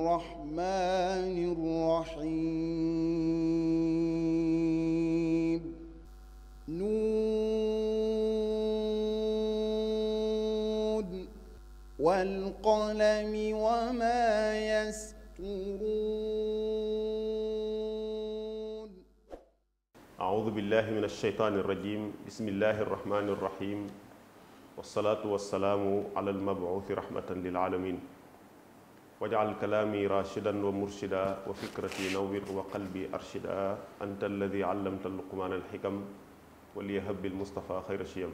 الرحمن الرحيم نون والقلم وما يسطرون أعوذ بالله من الشيطان الرجيم بسم الله الرحمن الرحيم والصلاة والسلام على المبعوث رحمة للعالمين wajcal kalaami rashidan wa murshida wa fikrati nawwir wa qalbi arshida anta alladi allamta luqmaan alxikam waliyahabil mustafa xayra shiyam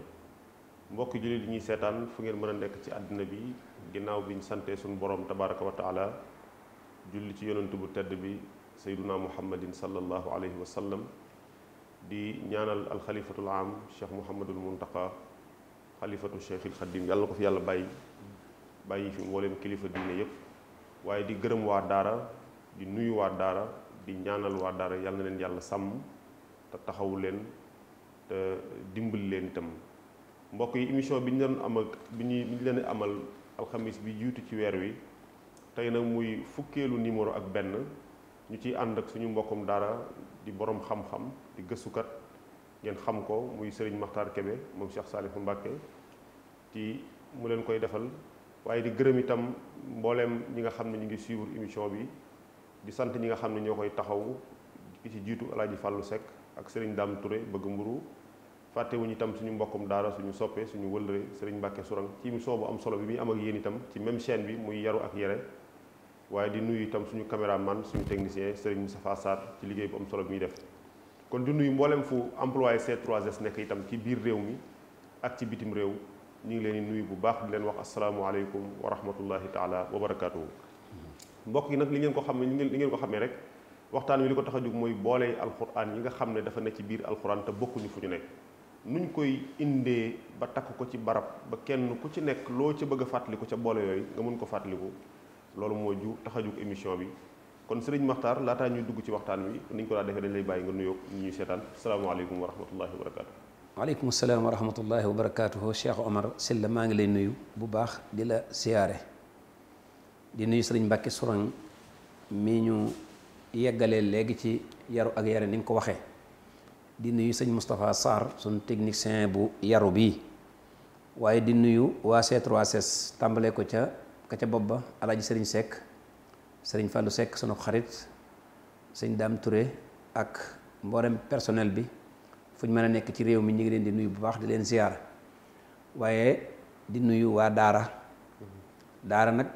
mbokki jullit ñuy seetaan fu ngeen mën a nekk ci àddina bi ginnaaw ñu sante suñu borom tabaraka wa taala julli ci yonent bu tedd bi sayduna muhammadin sallallahu alayhi wa sallam di ñaanal alxalifatul am cheikh muhammadul muntaqa xalifatu cheikhil xadim yàlla ko fi yàlla bàyyi bàyyi fi mboolem kilifa diine yépp waaye di gërëm waa daara di nuyu waa daara di ñaanal waa daara yàlla na leen yàlla sàmm te taxawu leen te dimbali leen itam mbokk yi émission bi ñu leen am bi ñu bi ñu leen amal alxamis bi jiitu ci weer wi tey nag muy fukkeelu numéro ak benn ñu ciy ànd ak suñu mbokkum daara di borom xam-xam di gëstukat ngeen xam ko muy Serigne Makhtar Kébé moom Cheikh Salif Mbacké ci mu leen koy defal waaye di gërëm itam mbooleem ñi nga xam ne ñu ngi suivre émission bi di sant ñi nga xam ne ñoo koy taxaw ki ci jiitu alaaji Fàllu sekk ak sëriñ daam Touré bëgg mburu fàttewuñu itam suñu mbokkum daara suñu soppe suñu wëllëre sëriñ Mbàkke Sourang ci émission bu am solo bi muy am ak yéen itam ci même chaîne bi muy yaru ak yere waaye di nuyu itam suñu man suñu technicien sëriñ Moustapha Sarr ci liggéey bu am solo bi muy def kon di nuyu mbooleem fu employé c 3 nekk itam ci biir réew mi ak ci bitim réew ñu ngi leen di nuyu bu baax di leen wax asalaamualeykum wa rahmatullahi taala wa barakaatuhu mbokk yi nag li ngeen ko xam ne li ngeen ko xamee rek waxtaan wi li ko tax a jóg mooy boole alxuraan yi nga xam ne dafa ne ci biir alxuraan te bokkuñu fu ñu nekk nuñ koy indee ba takk ko ci barab ba kenn ku ci nekk loo ca bëgg a fàttaliku ca boole yooyu nga mun ko fàttaliku loolu moo ju tax a jóg émission bi kon sëriñ Maxtaar laataa ñuy dugg ci waxtaan wi niñ ko daa defee dañ lay bàyyi nga nuyoo ñu ñuy seetaan salaamaaleykum wa rahmatullahi wa barakaatu. waaleykum salaam wa rahmatullahi wa barakaatuhu Cheikh Omar Sylla maa ngi lay nuyu bu baax di la siyaare di nuyu sëriñ Mbàkke Sourang mi ñu yeggalee léegi ci yaru ak yare ni nga ko waxee di nuyu sëñ Moustapha Sarr suñ technicien bu yaru bii waaye di nuyu waa c 3 tàmbalee ko ca ka ca bopp ba alaaji sëriñ Seck sëriñ Fallou sekk sunu xarit sëñ Dame Touré ak mboolem personnel bi fu ñu mën a nekk ci réew mi ñu ngi leen di nuyu bu baax di leen ziyaara waaye di nuyu waa daara daara nag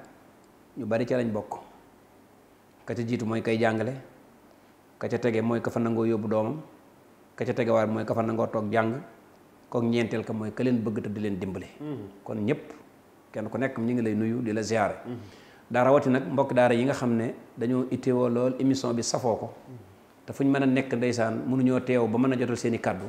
ñu bari ca lañ bokk ka ca jiitu mooy kay jàngale ka ca tege mooy ka fa nangoo yóbbu doomam ka ca tege waar mooy ka fa nangoo toog jàng kook ñeenteel ka mooy ka leen bëgg te di leen dimbale mm-hmm. kon ñëpp kenn ku nekk ñu ngi lay nuyu di la ziyaare mm-hmm. daara wati nag mbokki daara yi nga xam ne dañoo itteewoo lool émission bi safoo ko mm-hmm. te ñu mën a nekk ndeysaan mënuñoo teew ba mën a jotal seeni kàddu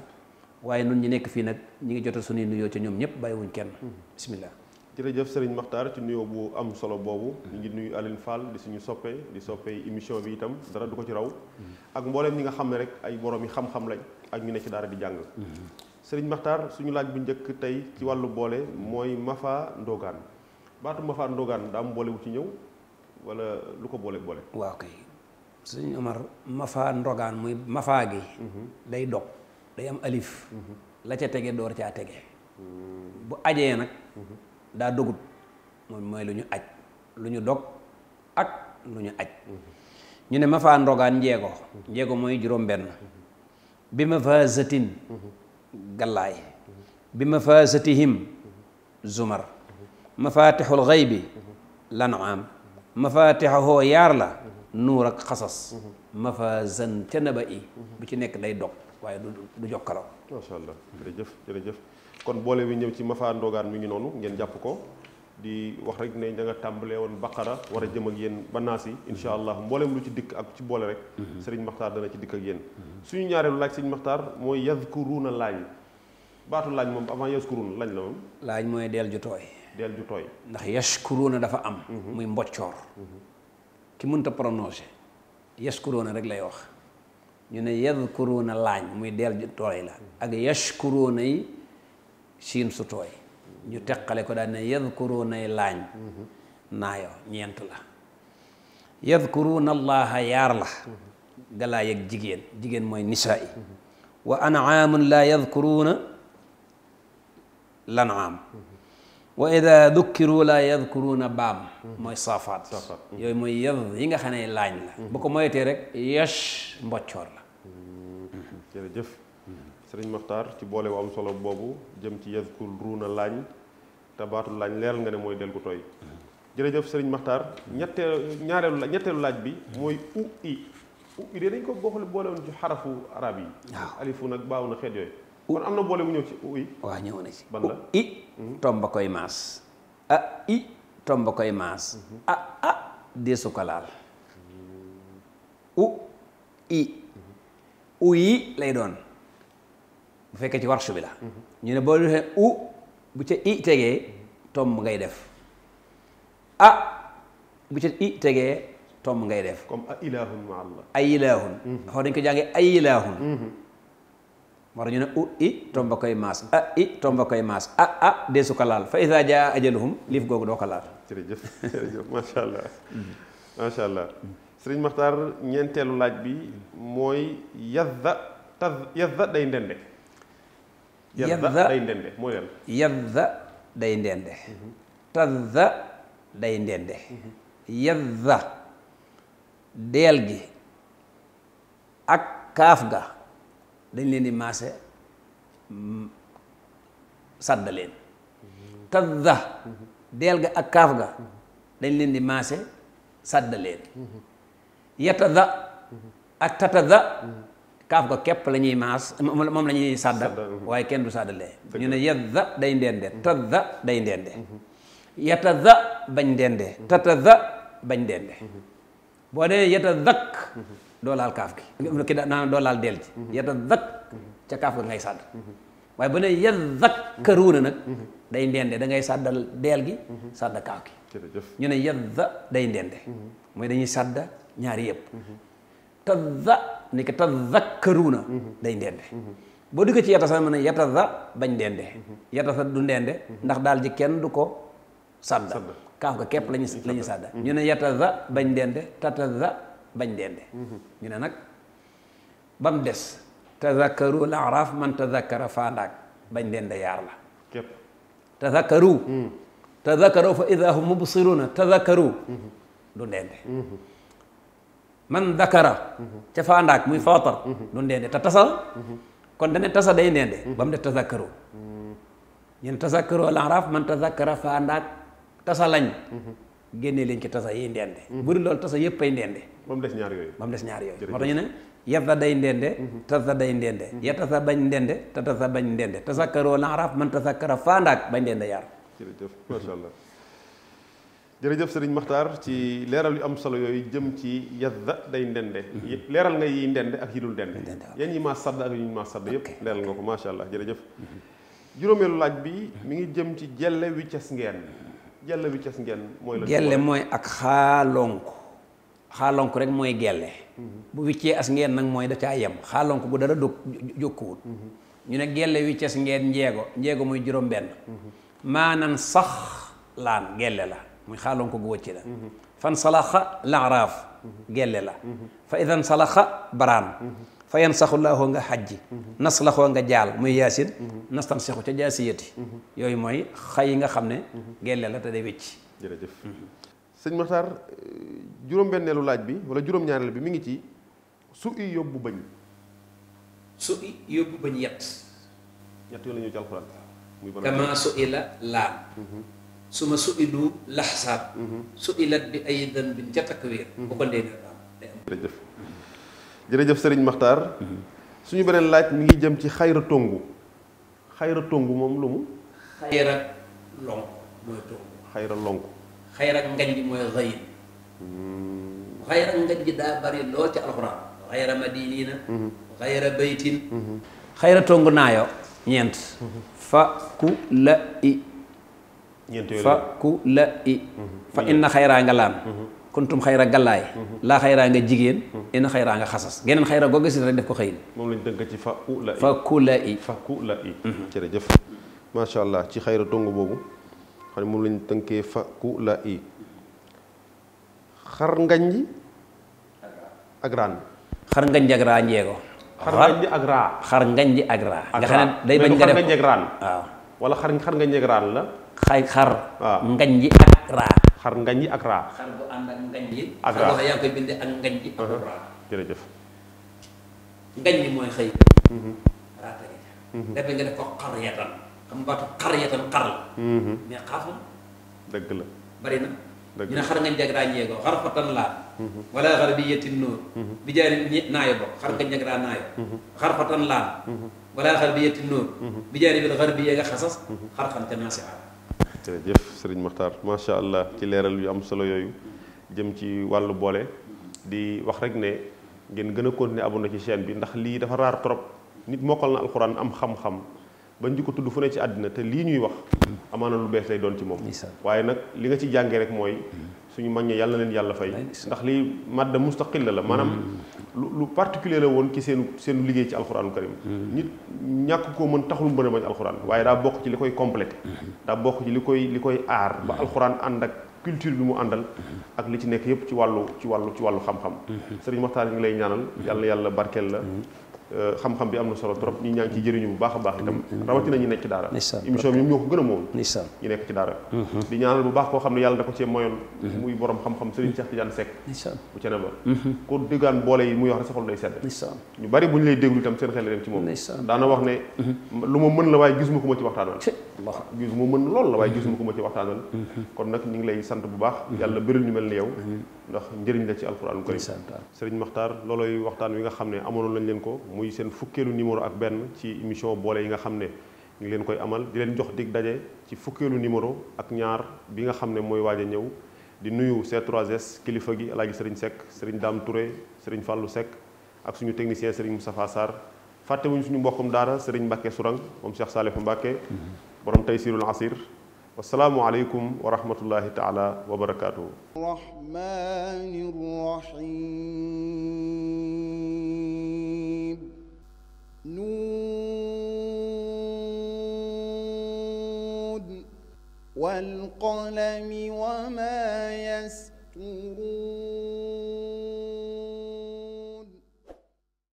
waaye nun ñi nekk fii nag ñi ngi jotal suñuy nuyoo ca ñoom ñëpp bàyyiwuñ kenn mm-hmm. bisimilah jërëjëf Serigne Makhtar ci nuyoo bu am solo boobu ñu ngi nuyu Aline Fall di suñu soppee di soppee émission bi itam dara du ko ci raw mm-hmm. ak mbooleem ñi nga xam ne rek ay borom yi xam-xam lañ ak ñu ne ci daara di jàng mm-hmm. Serigne Makhtar suñu laaj bu njëkk tey ci wàllu boole mooy Mafa Ndogaan baatu Mafa Ndogaan daa am boole wu ci ñëw wala lu ko boole boole waaw kay sëñ Omar mafaa ndogaan muy mafaa gi mhm. day dog day am alif mhm. la ca tege door caa tege bu ajee nag mhm. daa dogut moom mooy lu ñu aj lu ñu dog ak lu ñu aj ñu ne mafaa ndogaan njeego njeego mooy juróom benn bi ma faa zatin gallaay bi ma faa zatihim zumar mafaatixul xaybi lanaam mafaatixahoo yaar la nuur ak xasas mhm. mafazan ca naba i bu ci nekk day dog waaye du du jokkaraw macha allah jërëjëf jërëjëf kon boole bi ñëw ci mafa ndogaan mi ngi noonu ngeen jàpp ko di wax rek ne da tàmbalee woon baqara war a jëm ak yéen ba naas yi incha allah mboolem lu ci dikk ak ci boole rek mhm. sëriñ maxtaar dana ci dikk ak yéen mhm. suñu ñaareelu laaj sëriñ maxtaar mooy yazkuruuna laañ baatu laañ moom avant yazkuruuna lañ la moom laañ mooy deel ju tooy deel ju tooy ndax dafa am muy mboccoor ki mënta prononcé yaskuruuna rek lay wax ñu ne yadkuruuna laañ muy del ju tooy la ak yashkuruuna yi siin su tooy ñu teqale ko daal ne yadkuruuna yi laañ naayo ñeent la yadkuruuna allaha yaar la galaay ak jigéen jigéen mooy nisaa yi wa anaamun laa yadkuruuna lanaam wa ida dukkiru la yadkuruuna baam mooy saafaat mm-hmm. yooyu mooy yad yi nga xam ne laañ la mm-hmm. bu ko moytee rek yosh mboccoor la mm-hmm. jërëjëf sëriñ Maxtaar ci boole bu am solo boobu jëm ci yadkuruuna laañ te baatu laañ leeral nga ne mooy del gu tooy jërëjëf sëriñ Maxtaar ñetteelu ñaareelu laaj ñetteelu laaj bi mooy u i de dañ ko boole boole woon ci xarafu arab yi alifu nag baaw na xeet yooyu kon am na boole bu ñëw ci u i waaw ñëw ci ban la tomba koy maas a i tomba koy maas a a deesu ko laal u i u yi lay doon bu fekkee ci warsu bi la ñu ne boo defee u bu ca i tegee tomb ngay def a bu ca i tegee tomb ngay def comme a ilaahun ma dañ ko jàngee ay ilaahun mhm. moo tax ñu ne u i tomba koy maas a tomba koy maas a a deesu ko laal fa iza jaa liif googu doo ko laal allah macha allah ñeenteelu laaj bi mooy yazza taz yazza day ndende yazza day ndende tazza day ndende yazza deel gi ak kaaf ga dañ leen di maase mm, sadda leen tadda ak kaaf ga dañ leen di maase sadda leen yatadda ak tatadda kaaf ga képp la ñuy maas moom la ñuy sadda mhm. waaye kenn du saddalee ñu ne yadda day ndende mhm. tadda day ndende mhm. yatadda bañ ndende tatadda bañ ndende boo dee yataddak doo laal kaaf ki naan doo laal del ji mhm. yeta dak mhm. ca kaaf ga ngay sàdd waaye bu ne yet zakkaruuna mhm. nag day ndende da ngay sàddal deel gi sàdd kaaf gi ñu ne yet za day ndende mooy dañuy sàdd ñaari yëpp ta za ni ki ta zakkaruuna day ndende boo duggee ci yeta sa mën ne yeta za bañ ndende yeta sa du ndende ndax daal ji kenn du ko sàdd kaaf ga képp lañu la ñu ne yeta za bañ ndende tata za bañ dende ñu ne nag ba des tazakkaru l araaf man tazakkara faandaak bañ dende yaar la képp tazakkaru hmm. tazakkaru fa ida hum mubsiruuna tazakkaru hmm. du ndende hmm. man dakara ca faandaak muy footar du ndende te tasa kon dane tasa day ndende ba mu def tazakkaru ñun tazakkaru l man tazakkara faandaak tasa lañ génnee leen ci tasa yi ndende mhm. buri loolu tasa yëpp ay ndende ba mu des ñaar yooyu ba mu des ñaar yooyu moo tax ñu ne yata day ndende tasa day ndende yata mhm. sa mhm. bañ ndende te tasa bañ ndende tasakkaroo laaraaf man tasakkara faandaak bañ ndende yaar jërëjëf macha allah jërëjëf sëriñ Maxtaar ci leeral yu am solo yooyu jëm ci yadda day ndende leeral nga yi ndende ak yi dul ndende yan ñi maa sadd ak yu ñu maa sadd yëpp leeral nga ko macha allah jërëjëf juróomeelu laaj bi mi ngi jëm ci jelle wi ngeen gelle bi ces ngeen mooy la mooy ak xaalonk xaalonk rek mooy gele bu wiccee as ngeen nag mooy da caa yem xaalonk bu dara dog jókkuwut ñu ne gelle wi ces ngeen njeego njeego muy juróom benn maanan sax laan gelle la muy xaalonk gu wëcc la fan salaxa laaraaf gelle la fa idan salaxa baraan fa yan saxu laaxoo nga xajji nas laxoo nga jaal muy yaasin nastan sexu ca jaasiyati yooyu mooy xay yi nga xam ne gelle la te day wécc sëñ Maxtaar laaj bi wala juróom bi mi ngi ci su i yóbbu bañ su i su i la laam mhm. su ma su i lu laxsaab mhm. su i lat bi ay dan bin ca takk wéer jërëjëf sëriñ Maxtaar suñu beneen laaj mi ngi jëm ci xayra tongu xayra tongu moom lu mu. xayra lonk mooy tongu. xayra lonk. xayra ngañ gi mooy xëyin. xayra ngañ gi daa bari lool ci alxuraan. xayra madinina. xayra baytin. xayra tongu naayo ñeent. fa ku la i. fa ku la i. fa inna xayraa laan. kuntum xayra gallaay laa xayraa nga jigéen in xayraa nga xasas geneen xayra googu si rek def ko xëyin moom lañ dënk ci fa kula i fa kula mhm. ci xayra dong boobu xam ne lañ tënkee fa kula i xar ngañ ji ak raan xar ngañ ji ak raa njeego xar xar ngañ ak raa nga xar ngañ ak raan waaw xar xar ak raan la xar ngañ yi ak raa. xar bu ànd ak ngañ yi. ak raa loxo yaa ngi koy bindee ak ngañ yi. ak uh-huh. raa jërëjëf. ngañ yi mooy xëy. Mm-hmm. raa mm-hmm. nga def ko xar yeetal xam baatu xar yeetal xar la. Mm-hmm. mais xaaful. na. dëgg la ñu ne xar ngañ jag raa ñeego xar fatan laa. wala xar xar xar xar xar bi yeega xasas. xar jërëjëf sëriñ Maxtaar macha allah ci leeral yu am solo yooyu jëm ci wàllu boole di wax rek ne ngeen gën a continuer abonné ci chaîne bi ndax lii dafa raar trop nit mokkal na alxuraan am xam-xam bañ di ko tudd fu ne ci àddina te lii ñuy wax amaana lu bees lay doon ci moom waaye nag li nga ci jàngee rek mooy suñu mag ñi yàlla leen yàlla fay ndax lii madda mustaqilla la maanaam mm. lu lu particulier la woon ci seen seen liggéey ci alxuraanu karim mm. nit ñàkk koo mën taxul mën a bañ alxuraan waaye daa bokk ci li koy complété mm-hmm. daa bokk ci li koy li koy aar ba mm-hmm. alxuraan ànd ak culture bi mu àndal mm-hmm. ak li ci nekk yëpp ci wàllu ci wàllu ci wàllu xam-xam sëriñ Maxtaar lay ñaanal yàlla yàlla barkeel la Euh, xam-xam bi am na solo trop ñi ñaa ngi ci jëriñu bu baax a baax itam mm-hmm. rawatina ñi nekk ci daara émission bi ñoom ñoo ko gën a moom ñi nekk ci daara mm-hmm. di ñaanal bu baax koo xam ne yàlla da ko cee moyoon mm-hmm. muy borom xam-xam Serigne Cheikh Tidiane Seck bu ca ne ma ku déggaan boole yi muy wax rek sa xol day sedd ñu bari bu ñu lay déglu itam seen xel dem ci moom daana wax ne la waaye gisuma ku ma ci waxtaanal gis ma mën ma ci waxtaanal kon nag ñu ngi lay sant bu baax yàlla bëril ñu mel ni yow ndax njëriñ la ci alxuraanu karim sëriñ Maxtaar looloy waxtaan wi nga xam ne amaloon nañ leen ko muy seen fukkeelu numéro ak benn ci émission boole yi nga xam ne ñu ngi leen koy amal di leen jox dig daje ci fukkeelu numéro ak ñaar bi nga xam ne mooy waaj a ñëw di nuyu C3S kilifa gi alaaji sëriñ Seck sëriñ daam ture sëriñ fàllu Seck ak suñu technicien sëriñ Moustapha Sarr fàttewuñu suñu mbokkum daara sëriñ Mbacke Sourang moom Cheikh Salif Mbacke mhm. borom Taysirul Asir wasalaamualeykum wa rahmatullahi taala wa barakaatuhu rahmaani rahim nuun wal qalami wa ma yas